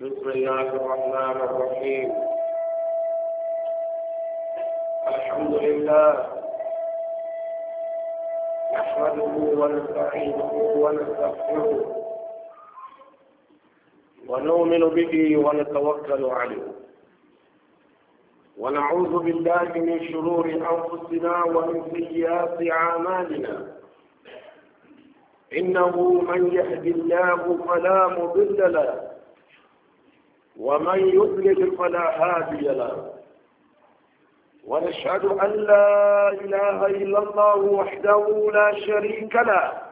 بسم الله الرحمن الرحيم الحمد لله نحمده ونستعينه ونستغفره ونؤمن به ونتوكل عليه ونعوذ بالله من شرور انفسنا ومن سيئات اعمالنا إنه من يهد الله فلا مضل له ومن يضلل فلا هادي له ونشهد أن لا إله إلا الله وحده لا شريك له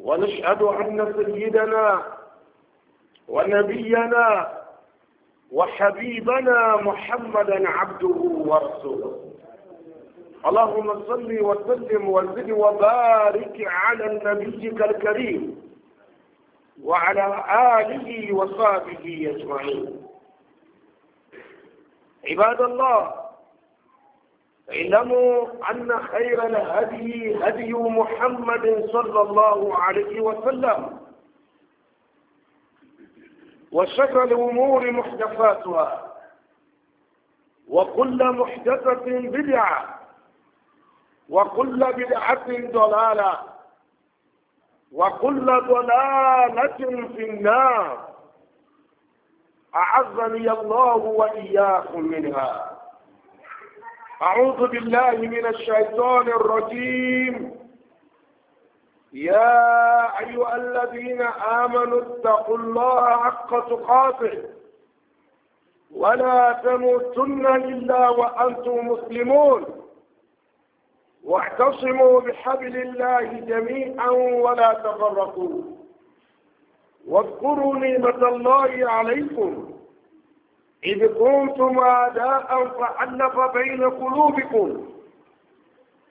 ونشهد أن سيدنا ونبينا وحبيبنا محمدا عبده ورسوله اللهم صل وسلم وزد وبارك على نبيك الكريم وعلى آله وصحبه أجمعين عباد الله اعلموا أن خير الهدي هدي محمد صلى الله عليه وسلم وشكر الأمور محدثاتها وكل محدثة بدعة وكل بدعة ضلالة وكل ضلالة في النار أعظني الله وإياكم منها أعوذ بالله من الشيطان الرجيم يا أيها الذين آمنوا اتقوا الله حق تقاته ولا تموتن إلا وأنتم مسلمون واعتصموا بحبل الله جميعا ولا تفرقوا واذكروا نعمة الله عليكم إذ كنتم أعداء فألف بين قلوبكم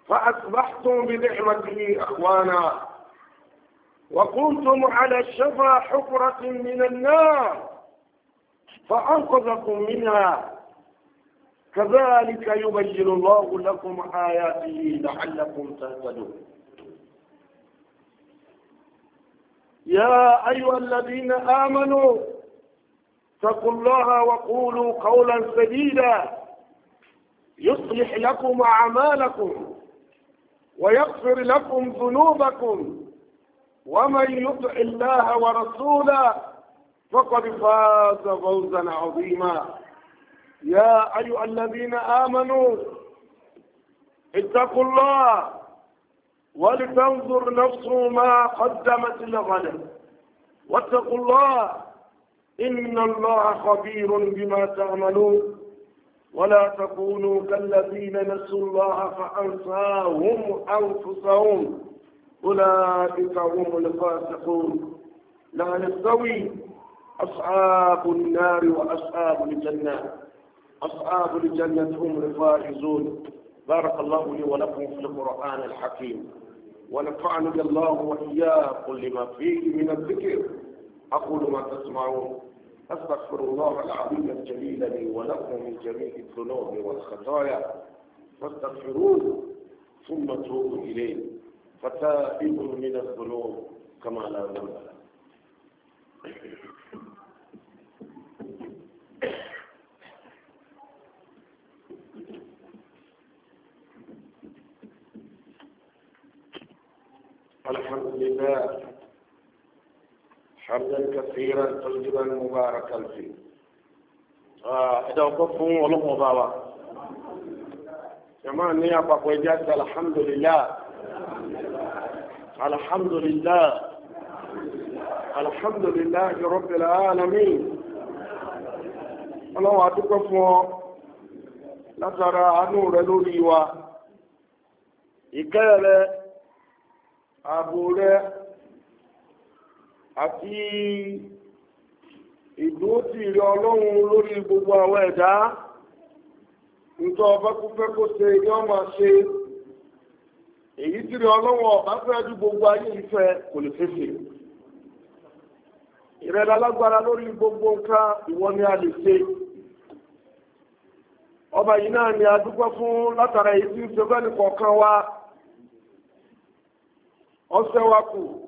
فأصبحتم بنعمته إخوانا وكنتم على شفا حفرة من النار فأنقذكم منها كذلك يبين الله لكم آياته لعلكم تهتدون يا أيها الذين آمنوا اتقوا الله وقولوا قولا سديدا يصلح لكم أعمالكم ويغفر لكم ذنوبكم ومن يطع الله ورسوله فقد فاز فوزا عظيما يا أيها الذين آمنوا اتقوا الله ولتنظر نفس ما قدمت لغد واتقوا الله إن الله خبير بما تعملون ولا تكونوا كالذين نسوا الله فأنساهم أنفسهم أولئك هم الفاسقون لا نستوي أصحاب النار وأصحاب الجنة أصحاب الجنة هم الفائزون بارك الله لي ولكم في القرآن الحكيم ونفعني الله وإياكم لما فيه من الذكر أقول ما تسمعون أستغفر الله العظيم الجليل لي ولكم من جميع الذنوب والخطايا فاستغفروه ثم توبوا إليه فتائب من الذنوب كما لا ذنب له لله حمدا كثيرا طيبا مباركا فيه ẹ̀dá ọkọ̀ fún ọlọ́pọ̀ bá wa jama ní àpapọ̀ ẹjá sí alhamdulillah alhamdulillah alhamdulillah rabbil alamin ọlọ́wọ́ àdúgbò fún ọ látara àánú rẹ lórí wa ìkẹ́ rẹ ààbò rẹ àti ìdúrótìrí ọlọ́run lórí gbogbo àwọn ẹ̀dá nítorí ọba kúfẹ́ kó ṣe ni wọ́n ṣe èyí tí ọlọ́run ọba gbogbo ayé ìfẹ́ kò lè fèsè ìrẹ́lẹ̀ alágbára lórí gbogbo nka ìwọ ni a lè ṣe ọba yìí náà ni a dúpẹ́ wa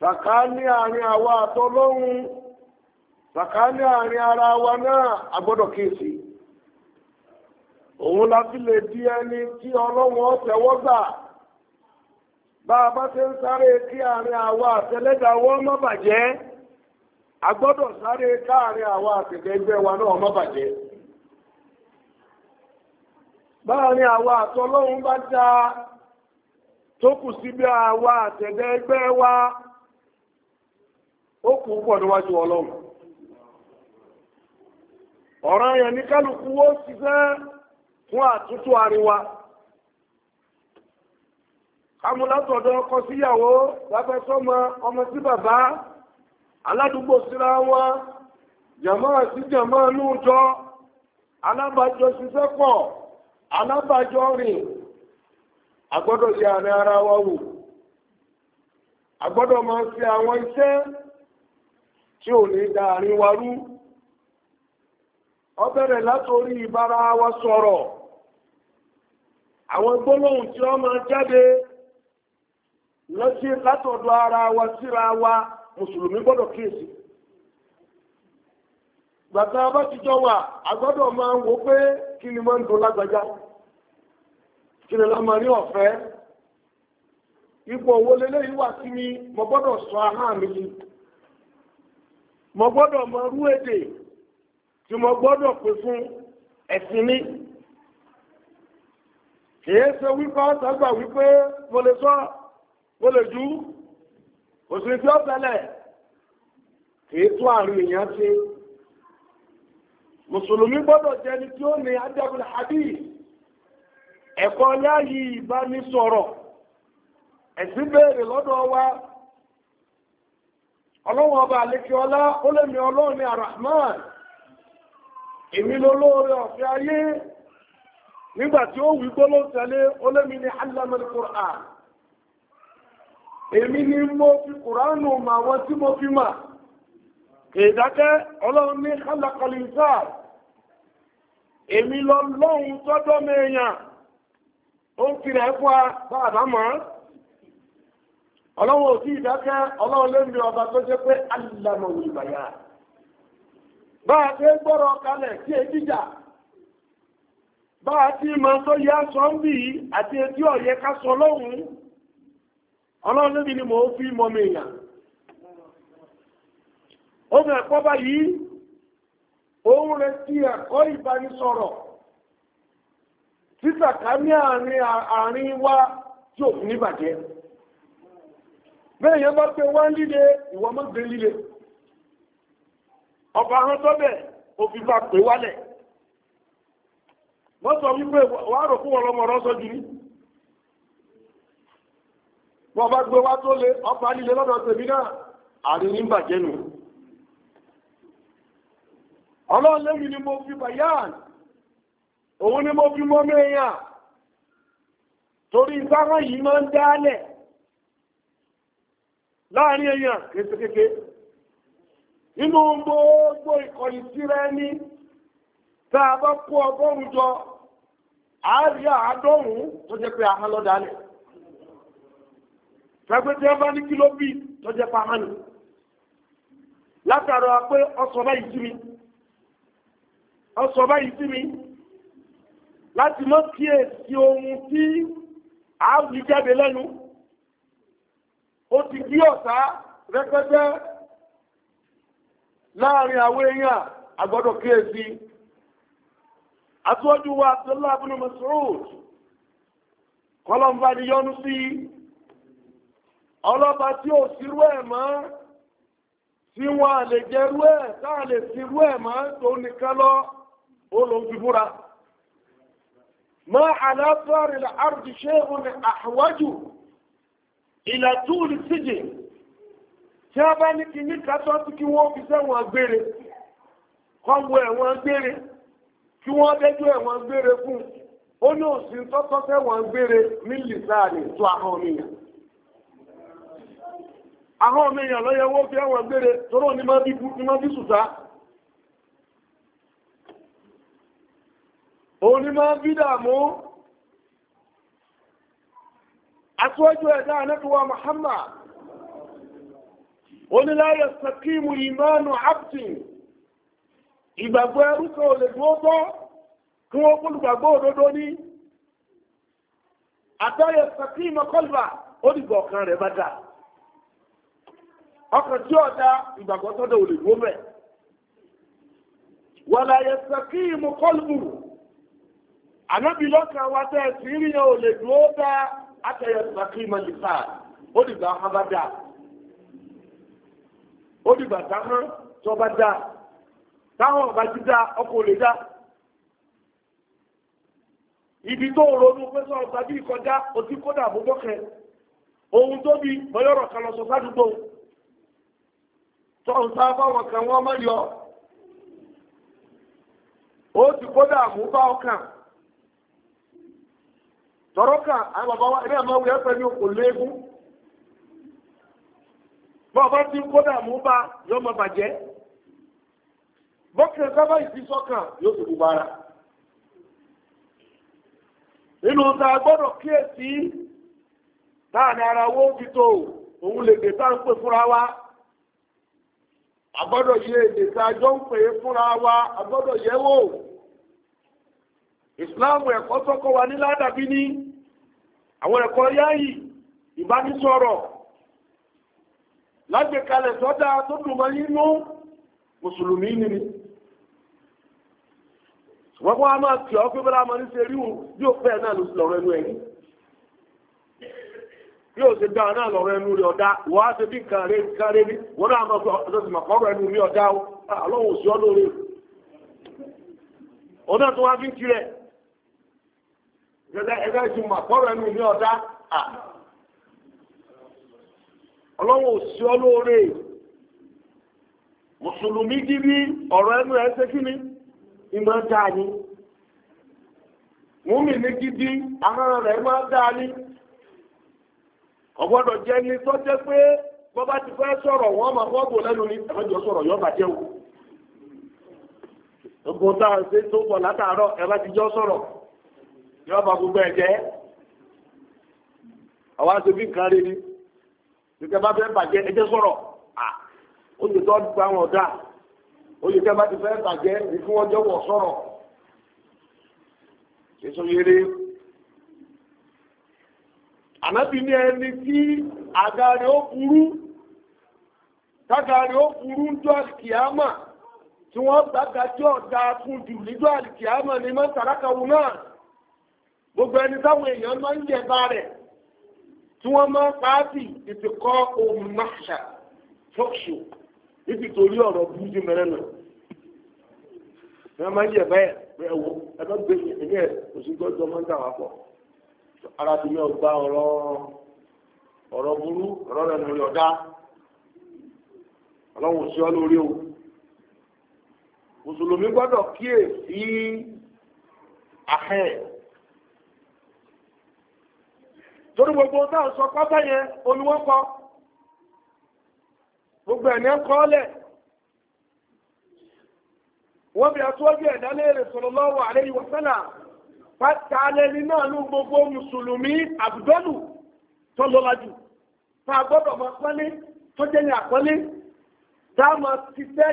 sàkáání àárín àwa àtọlọ́hun sàkáání àárín ara wa náà agbọ́dọ̀ kíyèsí òun la fi lè di ẹni tí ọlọ́run ọ̀tẹ̀wọ́ gbà bá a bá ti ń sáré kí àárín àwa àtẹlẹ́dà wọ́n má bàjẹ́ agbọ́dọ̀ sáré káàárín àwa wa náà má bàjẹ́ báàrin àwa àtọlọ́run bá dáa tó kù àwa ó kù pọ̀ níwájú ọlọ́run ọ̀ràn yẹn ní kálukú ó ṣiṣẹ́ fún àtúntò àríwá kámúlátọ̀dọ̀ ọkọ síyàwó lábẹ́ sọ́mọ ọmọ sí bàbá aládùúgbò síra wọn jàmọ́ sí jàmọ́ lóòjọ́ alábàjọ ṣiṣẹ́ pọ̀ alábàjọ rìn agbọ́dọ̀ ara wa wò máa ṣe tí ò ní da àárín wa rú látorí ìbára wa sọ̀rọ̀ àwọn gbólóhùn tí ó máa jáde lọ́sí ara wa síra wa mùsùlùmí gbọ́dọ̀ kíyèsí gbàtà bá ti jọ wà àgbọ́dọ̀ máa pé kí ni máa ń do lágbàjá kí ni lọ́mọ rí ọ̀fẹ́ ipò owó lélẹ́yìí wà sí mi mo gbọ́dọ̀ sọ mi yìí mo gbọ́dọ̀ mọ irú èdè tí mo gbọ́dọ̀ pè fún ẹ̀sìn mi kìí ṣe wípé ọ̀sán gbà wípé mo lè sọ mo lè jú òsì tí ó tẹ́lẹ̀ kìí tún àrùn èèyàn ṣe mùsùlùmí gbọ́dọ̀ jẹni tí ó ní adabul hadith ẹ̀kọ́ láyé ìbánisọ̀rọ̀ ẹ̀sìn béèrè lọ́dọ̀ wa ọlọ́wọ́n ọba àlékí ọlá ó lèmi ọlọ́run ni arahman èmi lólóore ọ̀fẹ́ ayé nígbàtí ó wí gbóló tẹ̀lé ó lèmi ni allamal Qur'an èmi ni mo fi kùránù mà wọ́n tí mo fi mà ìdákẹ́ ọlọ́run ní khalaqal ọlọ́wọ́ òtí ìdákẹ́ ọlọ́run ọba tó jẹ́ pé alìlànà ìbàyà bá a ti gbọ́rọ̀ kalẹ̀ è jíjà bá a ti mọ́ tó yá sọ ń bì àti etí ọ̀yẹ ká sọ lọ́hùn ọlọ́run mọ mi ó báyìí òun ẹ̀kọ́ ìbánisọ̀rọ̀ ní àárín wa tí òfin bẹ́ẹ̀ yẹn bá pé wá líle ìwọ mọ́ gbé líle ọba ahọ́n tọ́bẹ̀ òfin bá wálẹ̀ wọ́n sọ wípé wàá rò fún ọlọ́mọ sọ jù ní wọ́n bá gbé wá tó lé ọba líle lọ́dọ̀ náà àrí ní bàjẹ́ nù ni mo fi bàyàn òun ni mo fi mọ́ mẹ́yàn torí yìí máa láàrin èèyàn kéèsì kéèké gbogbo ìkọ̀lì síra ẹni tá a bá kó ọgọ́rùn jọ àárí àádọ́rùn tó jẹ́ pé ahán lọ́dà lẹ̀ fẹ́gbẹ́tẹ́ bá ní kíló bíi tó jẹ́ ọsọ báyìí sí mi ọsọ báyìí sí mi láti ohun tí àárí jáde lẹ́nu. ó ti di ọ̀tá rẹpẹtẹ láàrin àwọn èèyàn àgbọ́dọ̀ kíyèsí àtúwọ́jú wa Abdullahi ibn Mas'ud kọlọ̀mbá ni yọ́nú sí ọlọ́ba tí ó sírú ẹ̀ mọ́ tí wọ́n lè jẹ́rú ẹ̀ táà lè sírú ẹ̀ mọ́ tó nìkan lọ ó lòun ti búra ma àlàáfíà rẹ̀ àrùjù ṣe òun àwájú ìlà túùlù síjì tí a bá ní kí ní kátọ́ sí kí wọ́n fi sẹ́wọ̀n gbére kọ́wọ́ ẹ̀wọ̀n gbére kí wọ́n dẹ́jọ́ ẹ̀wọ̀n gbére fún ó ní òsín tọ́tọ́ sẹ́wọ̀n gbére mílì sáàlì tó ahọ́n míyàn ahọ́n míyàn lọ́yẹ wọ́n fi ẹ̀wọ̀n gbére tọ́rọ ní má bí sùtá òun ni má bí dààmú aṣíwájú ẹ̀dá anábíwá Muhammad oníláyà sàkímù ìmánu abdin ìgbàgbọ́ ẹrúkọ olè dúó bọ́ kí wọ́n kúlùgbàgbọ́ òdodo ní àtọ́yẹ sàkímù kọlùbà ó dìgbọ̀ ọ̀kan rẹ̀ bá dà ọkàn tí ọ̀dá ìgbàgbọ́ tọ́dọ̀ olè dúó bẹ̀ wàlàyé sàkímù kọlùbù anábìlọ́kà wa tẹ́ sí rí yẹn olè dúó bẹ́ẹ̀ atẹ̀yẹ sàkí mẹ́lìfà ó dìgbà hàn bá dà ó dìgbà táwọn ba bá ta táwọn ọba ti da ọkọ̀ lè dà ibi tó ronú pé sọ kọjá o kódà kó ohun tó bí bọ́yọ̀rọ̀ kan lọ sọ sádùúgbò tó ń sábà wọn tọ́rọ́kà àbàbáwá ilé àmà pẹ̀lú kódà mú bá bàjẹ́ sábà yóò gbogbo ara nínú ta gbọ́dọ̀ kíyèsí ara owó fi tó òun lè ń pè wa àgbọ́dọ̀ yẹ èdè tá a jọ ń pè wa àgbọ́dọ̀ yẹ wò ìsìláàmù ẹ̀kọ́ wa ní ládàbí àwọn ẹ̀kọ́ yáyì ìbánisọ̀rọ̀ lágbèkalẹ̀ sọ́dá tó dùnmọ́ nínú mùsùlùmí nìrí wọ́n tí ọ pé bọ́lá máa ní ṣe yóò fẹ́ náà ẹnu náà lọ́rọ̀ ẹnu gẹ́gẹ́ ẹgbẹ́ ìtumọ̀ àkọ́rọ̀ ẹnu ní ọ̀dá à ọlọ́wọ́ òsì ọlóore mùsùlùmí gidi ọ̀rọ̀ ẹnu ẹ̀ ṣe kí ni ìmọ̀ ẹ̀dá ni múmi ní gidi ahọ́n rẹ̀ máa dá ní ọ̀gbọ́dọ̀ jẹ́ tó jẹ́ pé bọ́bá ti fẹ́ sọ̀rọ̀ máa fọ́ bò lẹ́nu sọ̀rọ̀ bàjẹ́ o. ṣe tó pọ̀ látàárọ̀ ti jọ sọ̀rọ̀ yọ́ bá gbogbo ẹ̀jẹ́ àwọn aṣojú nǹkan rí ni nígbà bá fẹ́ bàjẹ́ ẹjẹ́ sọ̀rọ̀ oye tó gba wọn dà bá ti fẹ́ bàjẹ́ sọ̀rọ̀ èso ní ẹni tí ó burú ó burú tí dáa fún jù níjọ náà. gbogbo ẹni táwọn èèyàn máa ń yẹ̀bá rẹ̀ tí wọ́n máa ń pàápì ìtìkọ́ ohun máṣà tóṣù níbi torí ọ̀rọ̀ burúkú mẹ́rẹ́ náà wọ́n máa ń yẹ̀bá ẹ̀ rẹ̀ wò ẹ̀rọ gbé ẹ̀yẹ òṣìgbọ́jọ́ máa ń dà wá pọ̀ ara ti ní ọgbà ọ̀rọ̀ ọ̀rọ̀ burú ọ̀rọ̀ rẹ̀ lórí ọ̀dá ọlọ́run sí ọ lórí o mùsùlùmí gbọ́dọ̀ kíyè sí ahẹ́ẹ̀ torí gbogbo tá à ń sọ pátá yẹn olúwọ́kọ gbogbo ẹ̀ní ń kọ́ọ́lẹ̀ wọ́n bí aṣọ́jú ẹ̀dá léèrè sallallahu alaihi wa sallam pátá lẹ́ni náà ní gbogbo mùsùlùmí àbùdọ́lù tó lọ́la jù tá a gbọ́dọ̀ máa pọ́nlé tó jẹ́ ní àpọ́nlé tá a máa ti fẹ́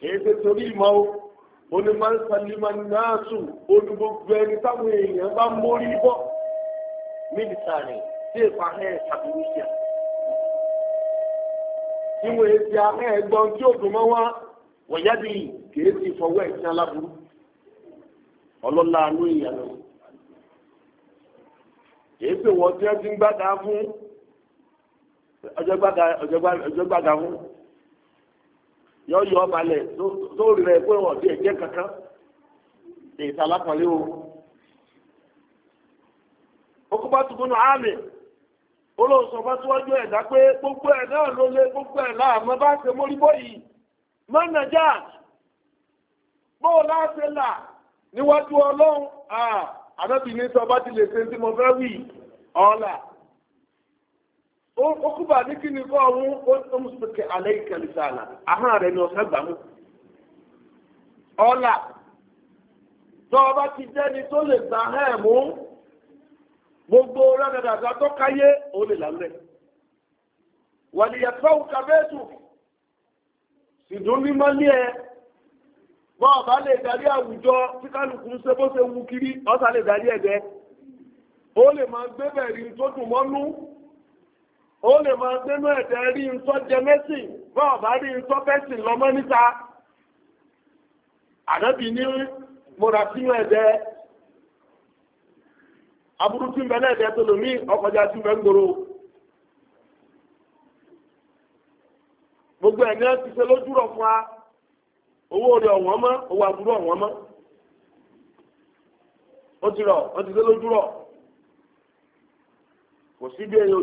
kìí ṣe torí ìmọ̀ o onímọ̀ sàlímà náà sùn olùgbogbo ẹni táwọn èèyàn bá mórí bọ̀ mínísítà rẹ̀ sí ìpàhẹ́ ìṣàbùrù sí à tí wọ́n ti ahẹ́ ẹgbọ́n tí ó dùn mọ́ wá wọ̀nyáde kìí fọwọ́ ẹ̀sìn aláburú ọlọ́lá àánú ìyàlọ́ kìí wọ́n tí wọ́n ti ń gbàdá fún ọjọ́ fún yọ yọ balẹ̀ tó rí rẹ̀ pé wọ́n ti ẹ̀jẹ̀ kankan èyí alákọ̀ọ́lẹ́ o. okùnbá tuntun náà àmì olóòsàn bá tíwájú ẹ̀dá pé gbogbo ẹ̀ náà ló lé gbogbo ẹ̀ láàmú bá ṣe mórí bóyìí mọ́nàjà bóò láṣẹ là níwájú ọlọ́run àbẹ́bí ní sọ bá ti lè ṣe tí mo fẹ́ wì ọ́là ó kú bàbí kí ni kọ́ ọ̀hún ó mú sókè alẹ́ ìkẹlẹ́sà àlà àhán rẹ̀ ni ọ̀sán gbàmú. ọ̀la tó ọba ti jẹ́ni tó lè gbà hẹ́ẹ̀ mú gbogbo rẹ́dàdàdà tó káyé ó lè lálẹ́. wàlìyàtọ̀ kàbẹ́ẹ̀tù ìdúnní mọ́lé ẹ bọ́ ọ̀bá lè darí àwùjọ tí kálukú ń ṣe bó ṣe wù kiri ọ̀sà lè darí ẹ̀gẹ́ ó lè máa gbé bẹ̀rì tó dùn mọ́nú ó lè máa gbénú ẹ̀tẹ́ rí ntọ́ jẹ mẹ́sìn bá ọ̀bá rí ntọ́ bẹ́sìn lọ́mọ́ níta mọ ní múra sínú ẹ̀dẹ́ aburú tí ń bẹ náà ẹ̀dẹ́ tó lòmí ọkọjá tí ń bẹ ń gbòòrò gbogbo ẹ̀ náà ti ṣe fún wa owó rẹ̀ ọ̀wọ́n mọ́ owó aburú ọ̀wọ́n mọ́ ó ti rọ̀ ó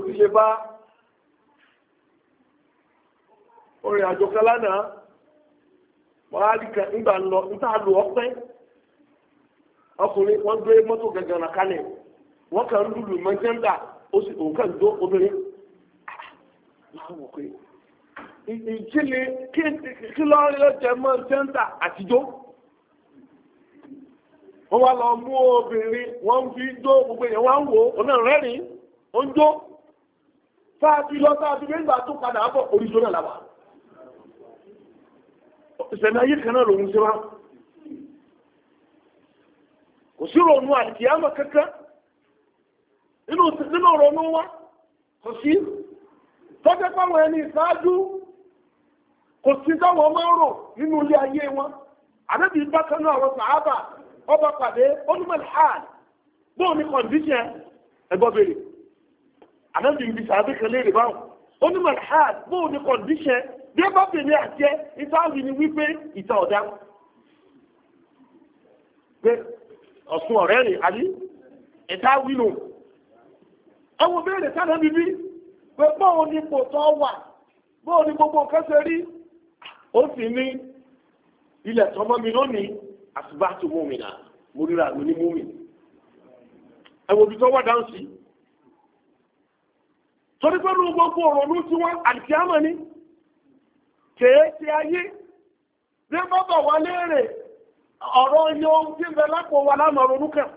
ti ṣe orin àjò kan lánàá wàhálì kan nígbà lọ níta ọkùnrin wọn gbé kalẹ̀ wọn kàn ń lùlù mọ́jẹ́ńdà ó sì òun kàn dó obìnrin láwọn pé ìjìnlẹ̀ kí jẹ àtijọ́ wọ́n wá lọ mú obìnrin wọ́n fi dó ìsẹ̀mí ayé kan náà lòun ṣe wá kò sí kankan nínú ronú wa kò sí tọ́jọ́ pàwọn ẹni ìsáájú kò sí táwọn máa ń rò nínú ilé wọn àdébí bákanú àwọn sàábà ọba pàdé onímọ̀lẹ́hàn bóò ní kọ̀ǹdíṣẹ̀ kale débọ́bìnrin àti ẹ ìtàwí ni wípé ìtàn ọ̀dá pé ọ̀sùn ọ̀rẹ́ rẹ̀ àbí ìtàwí nù ẹwọ béèrè sáré bíbí pé bóun ni kò tọ́ wà bóun ni gbogbo nǹkan ṣe rí ó sì ní ilẹ̀ tọmọ mi lónìí àtúbà tó mú mi nà mo ríra mi ní mú mi ẹwọ bí tó wà dáhùn sí torí pé lu gbogbo òrònú tí wọn àdìsí àmọ́ ni kèéṣe ayé bí bọ́bọ̀ wà léèrè ọ̀rọ̀ iye ohun tí ń bẹ lápò wa lámọ̀ ronú kàn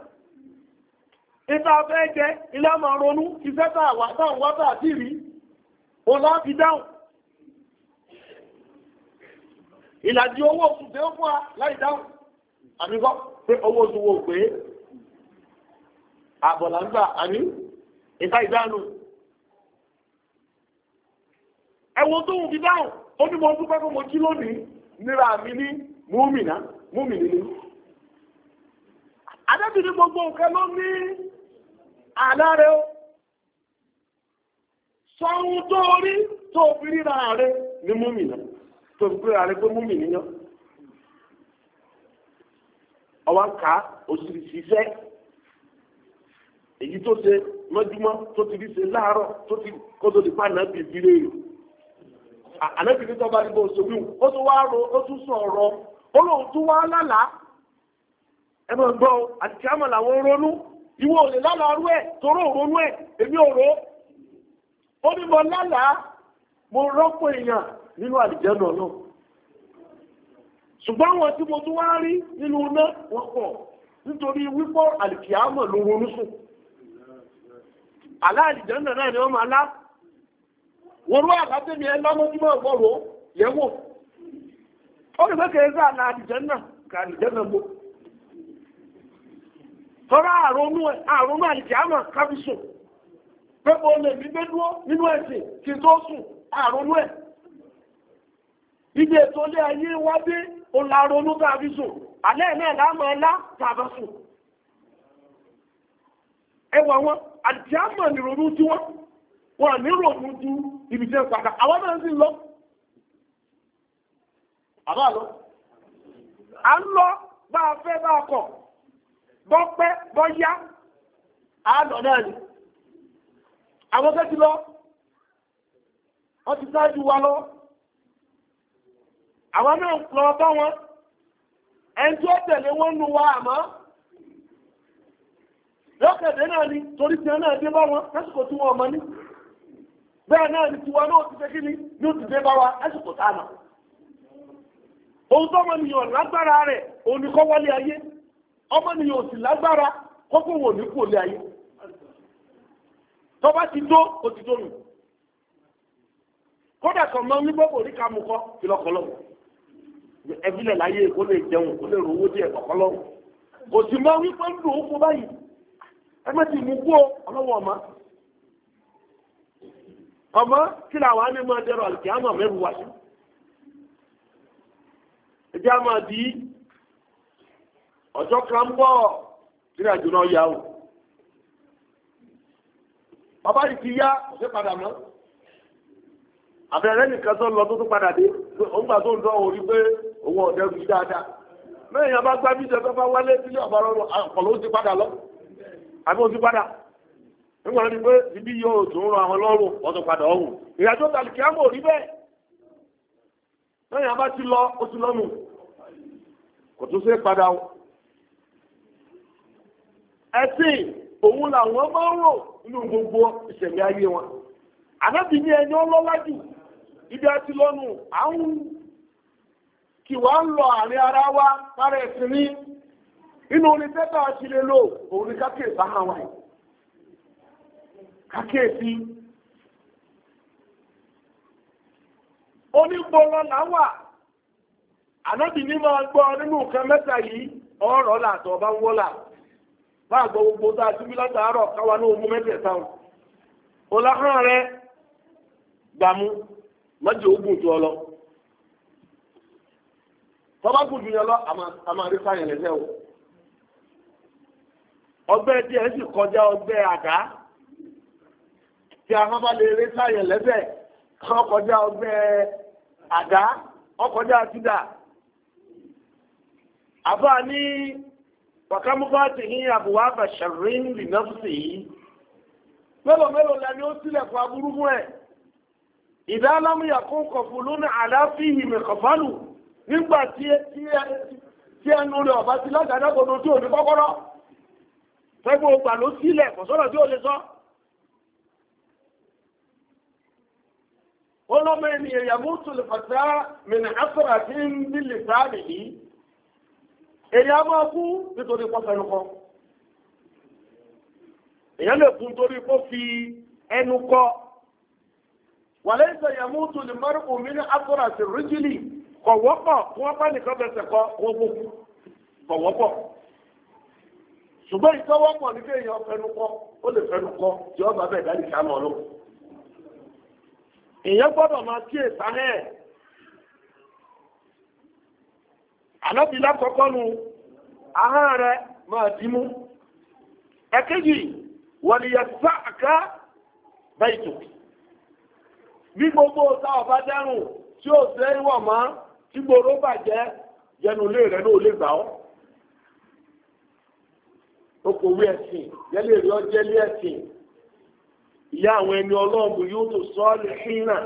ìta fẹ́ jẹ ilé àmọ̀ ronú iṣẹ́ tà wà tàn wá tà sí rí òun lá fi dáhùn ìlàjì owó oṣù tí ó fún wa láì dáhùn àbíkọ́ pé owó oṣù wo pé àbọ̀là ń gbà àní ìta ìdánù ẹ̀wọ̀n tó wù fi dáhùn ó ní mo dúpẹ́ pé mo jí lónìí nira mi ní múmìnà múmìnì ni adébì ní gbogbo nǹkan ló ní àlàrẹ o sọ ohun tó rí tó fi ríra rẹ ní múmìnà tó fi ríra rẹ pé múmìnì yàn ọwọ́ ń ka òṣìṣẹ́ èyí tó ṣe mọ́júmọ́ tó ti rí ṣe láàárọ̀ tó ti kó tó ti pa náà bìbí léèrè ànábì ní tọ́ba ní bó o sòwí ó tún wá ro ó tún sọ ọ̀rọ̀ ó lóun tún wá lálàá ẹ máa gbọ́ ọ àti kí á mọ̀ làwọn ronú ìwọ ò lè lálàá rú ẹ̀ toró òronú ẹ̀ èmi ò rò ó ní mo lálàá mo rọ́pò èèyàn nínú àlìjẹ́nà náà ṣùgbọ́n wọn tí mo tún wá rí nínú iná wọ́n pọ̀ nítorí wípọ́ àlìkìámọ̀ ló ronú sùn aláàlìjẹ́nà náà ni wọ́n máa lá wọ́n rú àlábẹ́mi ẹ lámọ́júmọ́ ọ̀gbọ́rọ̀ yẹ̀wò ó rí pẹ́kẹ́ o àlà àdìjẹ́nà kàdìjẹ́nà gbó tọ́rọ àrùnú àdìjẹ́mà kábísù pẹ́pọ̀ olè mi gbé dúró nínú ẹ̀sìn kí tó sùn àrùnú ẹ̀ ibi ètò ilé ayé wá dé olàrùnú kábísù alẹ́ náà lámọ́ ẹlá tàbá sùn ẹwà wọn nìrònú wọn ní ròmù ju ibi tí ń padà àwọn náà sì lọ àbá lọ à ń lọ bá a fẹ́ bá a kọ̀ bọ́ a lọ náà ni àwọn fẹ́ ti lọ wọ́n ti sáájú wa lọ àwọn náà lọ bá wọn ẹni tí tẹ̀lé wọn nu wa àmọ́ lọ́kẹ̀dẹ̀ náà ni wọn lásìkò tí wọn bẹ́ẹ̀ náà ni tiwa náà ti fẹ́ kí ni yóò ti dé bá wa ẹ̀sùkò tánà ohun ọmọnìyàn lágbára rẹ̀ oníkọ́ wọlé ayé ọmọnìyàn ò sì lágbára kókó wò ní kò lé ayé ti dó o ti kódà kan mọ ní kọ kìlọkọlọ ẹbílẹ̀ láyé kó lè jẹun kó lè rówó díẹ̀ kọ̀kọ́lọ́ kò sì wípé ń ó báyìí ẹgbẹ́ ti mú kú ọlọ́wọ́ ọmọ kí làwọn á ní máa dẹrọ àlùkí àmọ̀ mẹ́rù wáyé ẹjẹ́ á máa di ọjọ́ kan ń bọ̀ nínú àjò náà yá o ọba yìí ti yá kò sí padà mọ́ àbẹ̀rẹ̀ nìkan tó lọ tó tó padà dé òǹgbà tó ń dán orí pé owó ọ̀dẹ́rù yìí dáadáa lẹ́yìn abá gbá bíjọ tó bá wálé sílé ọ̀bá rọrùn ọ̀pọ̀lọ́ ó ti padà lọ àbí ó ti padà. nígbà tó ti pé ibi yóò tún ran àwọn lọ́rùn ọ̀tún padà ọ̀hún ìrìnàjò tàlìkì àmọ́ òrí bẹ́ẹ̀ lẹ́yìn lọ ó ti lọ́nu kò tún ṣe padà o ẹ̀sìn òun làwọn máa gbogbo ìṣẹ̀lẹ̀ ayé wọn àbẹ́bí ní ẹni ọlọ́lá ibi àti lọ́nu kì lọ àárín ara wa lára ẹ̀sìn ní inú orin tẹ́tà àti lè lò òun ní kákìrì sáhàn wáyé kàkíyèsí onígbọ́nà láwà ànábì ní máa gbọ́ nínú nǹkan mẹ́ta yìí ọ̀rọ̀ làtọ̀ bá ń wọ́là bá gbọ́ gbogbo a ti bí látàárọ̀ ní ogun mẹ́tẹ̀ẹ̀ta rẹ gbàmú mọ́jọ ogun jù ọ lọ tọ́ba gùn jù yẹn lọ àmà rí sáyẹn lẹ́sẹ̀ o ọgbẹ́ tí ẹ sì kọjá ọgbẹ́ àdá tí àwọn bá lè rí sáyẹ̀ lẹ́sẹ̀ kan kọjá ọgbẹ́ àdá ọkọjá àtúndà àbá ní wàkámúkọ́ ti ní àbúwá bàṣẹ̀rín lìnàfùsì yìí mélòó mélòó lẹni ó sílẹ̀kùn aburú fún ẹ̀ ìdá alámúyà kó kọ̀fù lónà àláfíì mẹ̀kọ̀fánù nígbà tí ẹnu rẹ̀ ọ̀bá ti lágbàdàgbọ̀dọ̀ tí ò ní kọ́kọ́rọ́ fẹ́gbọ́ gbà ló sílẹ̀ kọ̀sọ́rọ̀ tí ò lè sọ. ọlọ́mọ ènìyàn yàmútu lùfàtà mìnà àfúrà tí ń bí lìsáàmì yìí èyí á máa kú nítorí pọ́fẹ́nu kọ́ èyàn lè kú nítorí kó fi ẹnu kọ́ wàlẹ́ ìsọ̀ yàmútu lùmọ́rùkù mìnà àfúrà sí ríjìlì kọ̀ wọ́pọ̀ kí wọ́n bá nìkan bẹ̀sẹ̀ kọ́ wọ́n kú kọ̀ wọ́pọ̀ ṣùgbọ́n ìtọ́wọ́pọ̀ ní kéèyàn fẹnu kọ́ ó lè fẹnu kọ́ tí ọ èèyàn gbọ́dọ̀ máa kí èsálẹ̀ ànábì lákọ̀ọ́kọ́ nu ahá rẹ máa dì mú ẹ̀kejì wọ̀lìyà sáàká bẹ́ẹ̀tù bí gbogbo ọ̀sá ọ̀bá dẹ́rùn tí ó ṣe é wọ̀ mọ́ tí gbòòrò bàjẹ́ yẹnu ilé rẹ̀ ló lè gbà ọ́ okòwé ẹ̀sìn yẹlé rí ọjẹ́ ẹ̀sìn ìyá àwọn ẹni ọlọ́ọ̀bù yóò tó sọ́ọ̀lù hínà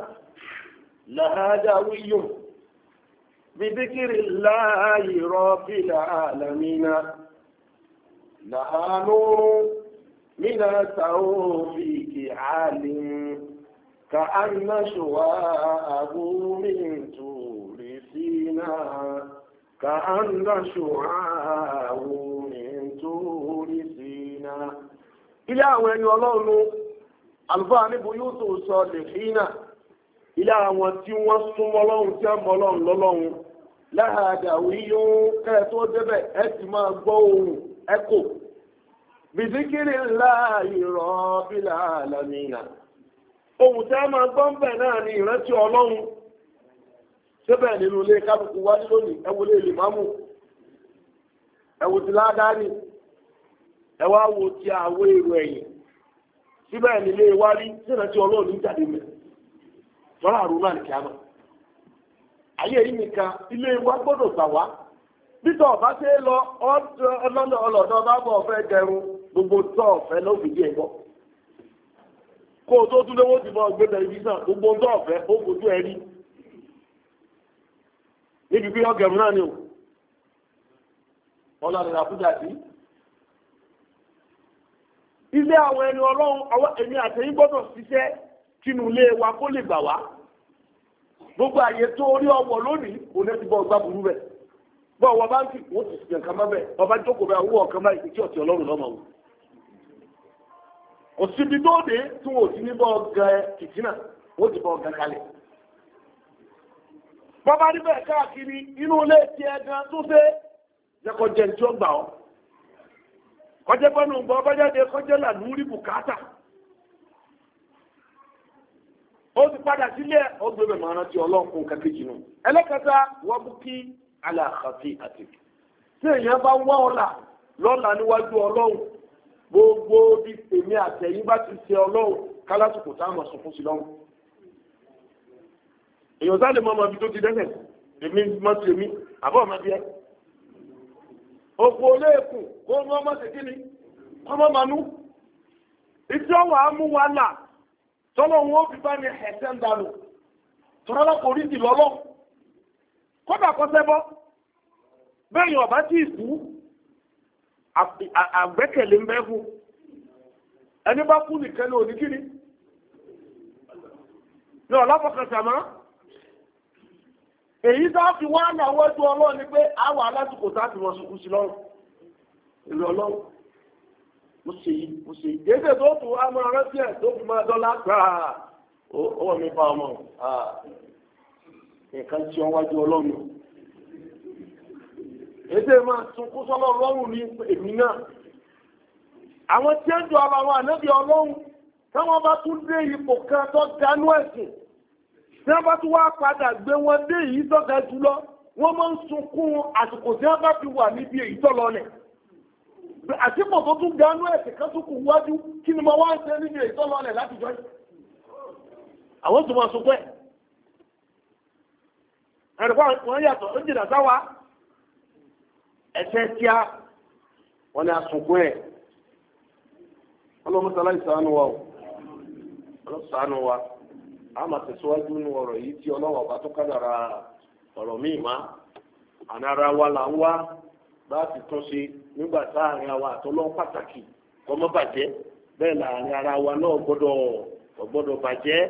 làhádà wíyọ̀ bíbíkiri láàyè rọ́bì làálàmínà làhánúrú mínà tàófìkì àlè kàánà ṣùwà àbúmíntù rẹ̀ sínà kàánà ṣùwà àbúmíntù rẹ̀ sínà. ilé àwọn ẹni ọlọ́run àlùfáà ní buyútu sọlihina ilé àwọn tí wọ́n súnmọ́ tí a mọ́ lọ́hùn lọ́lọ́hùn láhàdà wíyó kẹ́ tó débẹ̀ ẹ sì máa gbọ́ ẹ̀kọ́ ńlá ìrọ̀ bílà àlàmìnà ohun tí a máa gbọ́ ń bẹ̀ náà ni ìrántí síbẹ̀ nínú ilé wá lónìí lè lè síbẹ̀ nílé wa rí síra tí ọlọ́rùn ní jáde mẹ́ lọ́rọ̀ àrùn náà nìkan mọ́ ayé yìí nìkan ilé wa gbọ́dọ̀ gbà wá bítọ̀ ṣe é lọ ọlọ́dọ̀ ọlọ́dọ̀ bá bọ̀ ọ̀fẹ́ gẹrun gbogbo tọ́ ọ̀fẹ́ ló fi díẹ̀ kó o tó tún ti gbé gbogbo tọ́ ọ̀fẹ́ ó ẹ rí níbi ọgẹrun náà ni o ọlọ́dọ̀ sí ilé àwọn ẹni ọlọ́run èmi àtẹ̀yìn gbọ́dọ̀ ṣiṣẹ́ kínú ilé wa kó lè gbà gbogbo àyè tó orí ọwọ́ lónìí òun ti bọ́ ọgbà burú bẹ̀ bọ́ ọwọ́ ti ọba jókòó bẹ́ẹ̀ owó ọ̀kan báyìí ọ̀tí ọlọ́run lọ́mọ wò òsibí tó dé tí wọn ò ti ní bọ́ wọ́n ti bọ́ tó fẹ́ kọjẹ́ bọ́nù ń bọ́ bọ́jáde kọjẹ́ lànà rí bùkátà ó ti padà sílé ó gbé bẹ̀rẹ̀ mọ́ra ti ọlọ́kùn kàkéjì nù ẹlẹ́kẹta wọ́n bú kí aláàkàtì àti tí èèyàn bá wá ọ̀la lọ́la níwájú ọlọ́run gbogbo bí èmi àtẹ̀yìn bá ti ṣe ọlọ́run kálásìkò tá a mọ̀ sùn sí lọ́run èèyàn sáré mọ́ ọmọ ibi tó ti dẹ́sẹ̀ èmi mọ́ ti èmi àbọ̀ ọmọ bí òkú olóòkù kó mọ́ mọ́ sí kíni ọmọ manú ìtí ọwọ́ amú wa là tọ́lọ̀ wọn ó fi bá ní ẹ̀sẹ̀ ń dànù tọ́lọ́ lọ́kọ̀ orí ti lọ́lọ́ kódà kọ́sẹ́ bọ́ bẹ́ẹ̀ ọ̀bá tí ì kú àgbẹ́kẹ̀lé ń bẹ́ fún ẹni bá kú nìkan ní òní kíni ní ọ̀làfọ̀kàtà máa èyí tó fi wá náwó tó ọlọ́run ni pé àwọn alásìkò táàtì wọn sunkún sí lọ́rùn èrè ọlọ́run mo ṣe yìí mo ṣe yìí dédé tó fún wa máa rántí ẹ̀ tó fún máa dọ́là gbàá ọwọ́ mi bá ọmọ nǹkan tí wọ́n wájú ọlọ́run èdè máa sunkún sọ́lọ́ ọlọ́run ní èmi náà àwọn tí ó ń jọ ara wọn ànábì ọlọ́run táwọn bá tún dé ipò kan tó dánú ẹ̀sìn tí wọ́n bá tún wá padà gbé wọn dé èyí tọ́ka jùlọ wọ́n máa ń sunkún àsìkò tí wọ́n bá fi wà níbi èyí tọ́lọ lẹ̀ àti pọ̀ tó tún gánú ẹ̀sìn kan tún kù wájú kí ni mo wá ń ṣe níbi èyí tọ́lọ lẹ̀ láti jọ yìí àwọn tó máa sunkún ẹ̀ ẹ̀rọ̀pá wọn yàtọ̀ ó jìnà sáwà ẹ̀sẹ̀ tí a wọn ni a sunkún ẹ̀ ọlọ́mọsálá ìsànú wa ọlọ́sànú wa. ama máa tẹ̀síwájú nínú ọ̀rọ̀ yìí tí ọlọ́wọ́ bá tó kádàrà ọ̀rọ̀ míì wa là ń wá bá a ti tún ṣe nígbà táàrin àwa àtọ́lọ́ ara wa náà gbọ́dọ̀ gbọ́dọ̀ bàjẹ́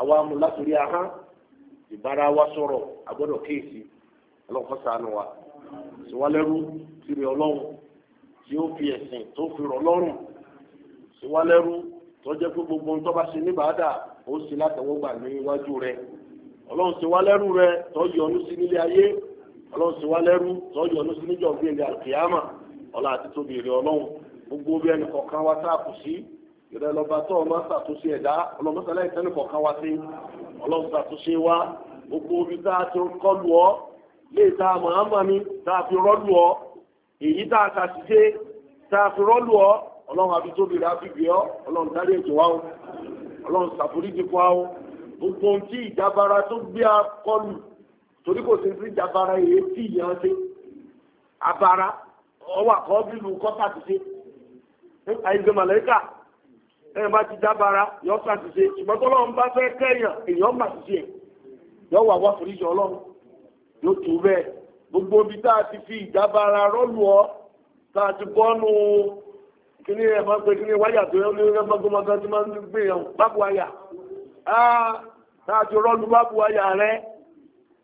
àwa mú látòrí ahán ìbára wa sọ̀rọ̀ àgbọ́dọ̀ kéèsì ọlọ́kọ́ sànù wa síwálẹ́rú tìrẹ ọlọ́run tí ó fi ẹ̀sìn tó fi rọ̀ lọ́rùn síwálẹ́rú tó jẹ́ pé ó sì látẹ̀wọ́gbà ní iwájú rẹ̀ ọlọ́run sì wá lẹ́rú rẹ̀ tó yọ́nú sí nílé ayé ọlọ́run sì wá lẹ́rú tó yọ́nú sí níjọ́ bí ilé àkìyàmà ọlá àti tóbi rẹ̀ ọlọ́run gbogbo bí ẹnì kọ̀ọ̀kan wá sáàkù sí ìrẹ́ lọ́ba tó ọmọ ṣàtúnṣe ẹ̀dá ọlọ́run sálẹ̀ ìtẹ́nì kọ̀ọ̀kan wá sí ọlọ́run ṣàtúnṣe wá gbogbo bí tá a ti kọlù ọ́ lè ta màámà mi tá a fi rọ́lù ọ́ èyí tá a kà sí dé tá a fi rọ́lù ọ́ ọlọ́run àbí tóbi rẹ̀ á fi gbé ọ́ ọlọ́run dárí ètò wa o ọlọ́run ṣàforíjì fún àwọn gbogbo ohun tí ìjábára tó gbé akọlù torí kò sí sí ìjábára èyí tí ìyàn ṣe abara ọwà kọ́ bílù kọ́tà ti ṣe nípa ìgbẹ́ màlẹ́kà ẹ̀yìn bá ti jábára yọ kà ti ṣe ṣùgbọ́n tó lọ́run bá fẹ́ kẹ́yàn èyàn mà ti ṣe yọ wà wá foríjì ọlọ́run yóò tó bẹ́ẹ̀ gbogbo ibi tá a ti fi ìjábára rọ́lù ọ́ tá a ti gbọ́nù kí e e ni ẹ e máa ń pè kí ni wáyà tó yẹ ní ọgbọ́gbọ́gbọ́ tí máa ń gbé yàn bábu wáyà náà ti rọ́ọ̀lù bábu wáyà rẹ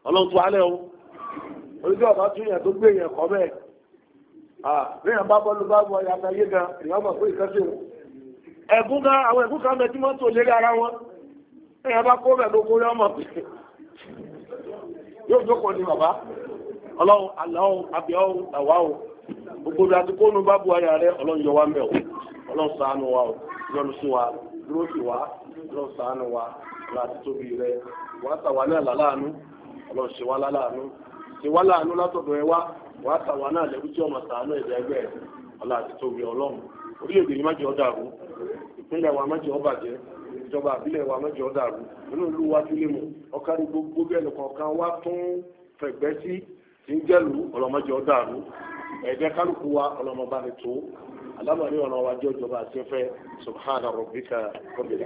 ọlọ́run alẹ́ o oníjọ́ ọ̀bá tún tó gbé yẹn kọ́ bẹ́ẹ̀ léèyàn bá bọ́ọ̀lù bábu wáyà ta yé gan pé o kan àwọn kan mẹ́tí ara wọn bá kó bẹ́ẹ̀ mọ̀ yóò ni bàbá ọlọ́run àlọ́ gbogbo ìlú àti kóònù bá bu ayà rẹ ọlọ́run yọ wá ń o ọlọ́run wa o yọ́nú sí wa dúró sí wa ọlọ́run wa láti tóbi rẹ wàá tàwa náà láláàánú ọlọ́run ṣe wá ṣe látọ̀dọ̀ ẹ wàá tàwa náà lẹ́rú tí ọmọ ẹgbẹ́ tóbi ọlọ́run orílẹ̀-èdè yìí má jẹ́ dàrú ìpínlẹ̀ wa má jẹ́ bàjẹ́ ìjọba àbílẹ̀ wa má jẹ́ dàrú ìlú wa gbogbo bẹ́ẹ̀ nìkan kan wá tún fẹ̀gbẹ́ sí ti ń jẹ́lu ọlọ́mọdé dàrú ẹ̀jẹ̀ kálukú wa ọlọ́mọba ni tó alámọ̀rí ọ̀nà wa jẹ́ òjọba àti ẹ̀fẹ́ subhana rabbika rabbil